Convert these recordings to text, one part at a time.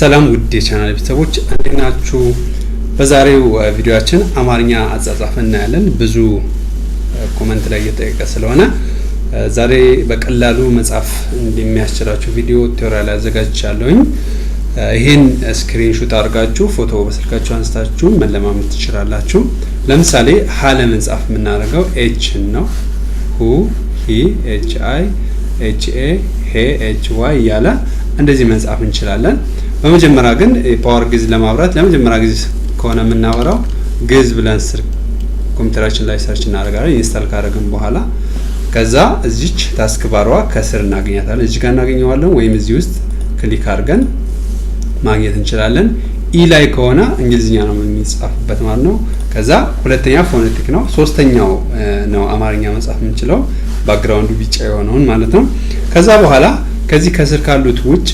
ሰላም ውድ የቻናል ቤተሰቦች እንዴት ናችሁ? በዛሬው ቪዲዮችን አማርኛ አጻጻፍ እናያለን። ብዙ ኮመንት ላይ እየጠየቀ ስለሆነ ዛሬ በቀላሉ መጻፍ እንደሚያስችላችሁ ቪዲዮ ቲዩቶሪያል አዘጋጅቻለሁኝ። ይህን ስክሪንሾት አድርጋችሁ ፎቶ በስልካችሁ አንስታችሁ መለማመድ ትችላላችሁ። ለምሳሌ ሀ ለመጻፍ የምናደርገው ኤችን ነው። ሁ፣ ሂ፣ ኤች አይ፣ ኤች ኤ፣ ሄ፣ ኤች ዋይ እያለ እንደዚህ መጻፍ እንችላለን። በመጀመሪያ ግን የፓወር ግዝ ለማብራት ለመጀመሪያ ጊዜ ከሆነ የምናበራው ግዝ ብለን ስር ኮምፒውተራችን ላይ ሰርች እናደርጋለን። ኢንስታል ካደረግን በኋላ ከዛ እዚች ታስክ ባሯ ከስር እናገኛታለን። እዚህ ጋር እናገኘዋለን ወይም እዚህ ውስጥ ክሊክ አድርገን ማግኘት እንችላለን። ኢ e ላይ ከሆነ እንግሊዝኛ ነው የሚጻፍበት ማለት ነው። ከዛ ሁለተኛ ፎኔቲክ ነው። ሶስተኛው ነው አማርኛ መጻፍ የምንችለው ባክግራውንዱ ቢጫ የሆነውን ማለት ነው። ከዛ በኋላ ከዚህ ከስር ካሉት ውጭ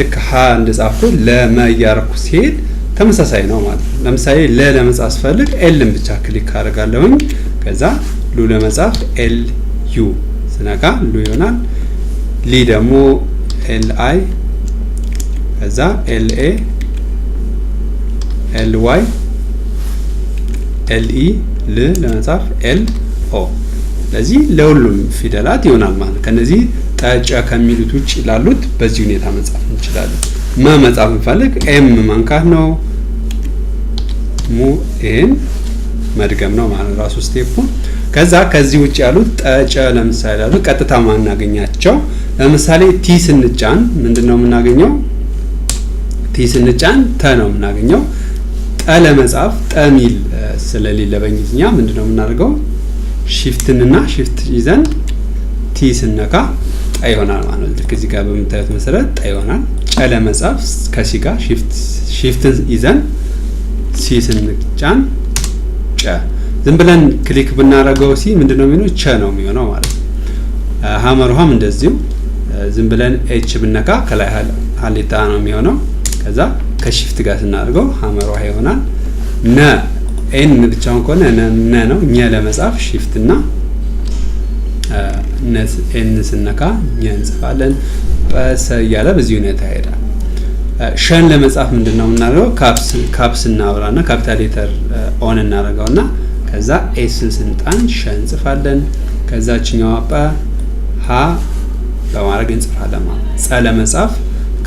ልክ ሀ እንደጻፍኩ ለመ እያረኩ ሲሄድ ተመሳሳይ ነው ማለት ነው። ለምሳሌ ለ ለመጻፍ ስፈልግ ኤልን ብቻ ክሊክ አደርጋለሁኝ። ከዛ ሉ ለመጻፍ ኤል ዩ ስነካ ሉ ይሆናል። ሊ ደግሞ ኤል አይ ከዛ ኤል ኤ ኤል ዋይ ኤል ኢ ል ለመጻፍ ኤል ኦ። ለዚህ ለሁሉም ፊደላት ይሆናል ማለት ከነዚህ ጠጨ ከሚሉት ውጭ ላሉት በዚህ ሁኔታ መጻፍ እንችላለን። መ መጻፍ እንፈልግ ኤም መንካት ነው። ሙ ኤን መድገም ነው ማለት ራሱ ስቴፑ። ከዛ ከዚህ ውጭ ያሉት ጠጨ ለምሳሌ ያሉት ቀጥታ ማናገኛቸው ለምሳሌ ቲ ስንጫን ምንድን ነው የምናገኘው? ቲ ስንጫን ተ ነው የምናገኘው። ጠ ለመጻፍ ጠሚል ስለሌለ በእንግሊዝኛ ምንድን ነው የምናደርገው? ሺፍትንና ሺፍት ይዘን ቲ ስነካ ጠ ይሆናል ማለት ነው። ልክ እዚህ ጋር በምታዩት መሰረት ጠ ይሆናል። ጨ ለመጻፍ ከሲ ጋር ሺፍትን ይዘን ሲ ስንጫን ጨ። ዝም ብለን ክሊክ ብናደርገው ሲ ምንድን ነው የሚሆነው? ቸ ነው የሚሆነው ማለት ነው። ሀመር ውሃም እንደዚሁ ዝም ብለን ኤች ብነካ ከላይ ሀሌታ ነው የሚሆነው። ከዛ ከሺፍት ጋር ስናደርገው ሀመር ውሃ ይሆናል። ነ ኤን ብቻውን ከሆነ ነ ነው። ኘ ለመጻፍ ሺፍት እና ኤን ስነካ እኛ እንጽፋለን። ጰሰ እያለ በዚህ ሁኔታ ሄዳ ሸን ለመጻፍ ምንድን ነው የምናደርገው? ካፕስ እናብራ እና ካፒታል ሌተር ኦን እናደርገው እና ከዛ ኤስን ስንጣን ሸን እንጽፋለን። ከዛ ችኛዋ ጳ ሀ በማድረግ እንጽፋለን። ማለት ጸ ለመጻፍ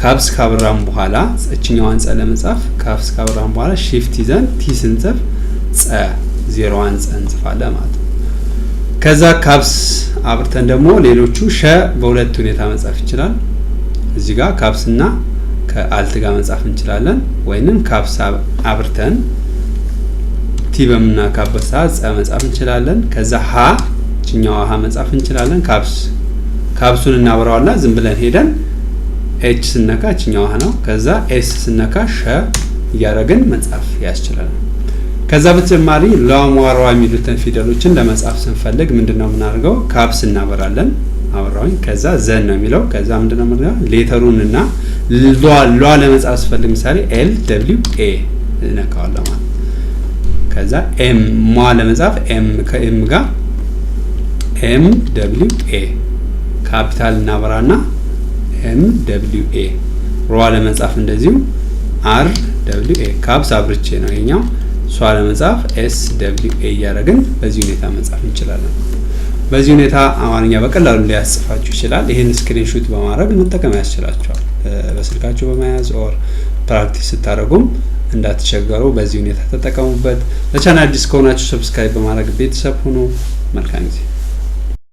ካፕስ ካብራን በኋላ እችኛዋን ጸ ለመጻፍ ካፕስ ካብራን በኋላ ሺፍት ይዘን ቲ ስንጽፍ ጸ ዜሮዋን ጸ እንጽፋለን ማለት ነው። ከዛ ካብስ አብርተን ደግሞ ሌሎቹ ሸ በሁለት ሁኔታ መጻፍ ይችላል። እዚህ ጋር ካብስ እና ከአልት ጋር መጻፍ እንችላለን። ወይንም ካብስ አብርተን ቲ በምናካበት ሰዓት ጸ መጻፍ እንችላለን። ከዛ ሀ ችኛዋ ሀ መጻፍ እንችላለን። ካብስ ካብሱን እናብረዋላ ዝም ብለን ሄደን ኤች ስነካ ችኛዋ ሀ ነው። ከዛ ኤስ ስነካ ሸ እያደረግን መጻፍ ያስችላል። ከዛ በተጨማሪ ለሟሯ የሚሉትን ፊደሎችን ለመጻፍ ስንፈልግ ምንድነው የምናደርገው? ካፕስ እናበራለን አበራሁኝ። ከዛ ዘን ነው የሚለው። ከዛ ምንድነው የምናደርገው? ሌተሩን እና ሏ ለመጻፍ ስፈልግ ምሳሌ ኤል ደብሊው ኤ እነካዋለሁ ማለት ከዛ ኤም ሟ ለመጻፍ ኤም ከኤም ጋር ኤም ደብሊው ኤ ካፒታል እናበራና ኤም ደብሊው ኤ ሯ ለመጻፍ እንደዚሁ አር ደብሊው ኤ ካፕስ አብርቼ ነው ይሄኛው እሷ ለመጻፍ ኤስ ደብሊው ኤ እያደረግን በዚህ ሁኔታ መጻፍ እንችላለን። በዚህ ሁኔታ አማርኛ በቀላሉ ሊያስጽፋችሁ ይችላል። ይህን ስክሪን ሹት በማድረግ መጠቀም ያስችላችኋል። በስልካችሁ በመያዝ ኦር ፕራክቲስ ስታደርጉም እንዳትቸገሩ በዚህ ሁኔታ ተጠቀሙበት። ለቻናል አዲስ ከሆናችሁ ሰብስክራይብ በማድረግ ቤተሰብ ሁኑ። መልካም ጊዜ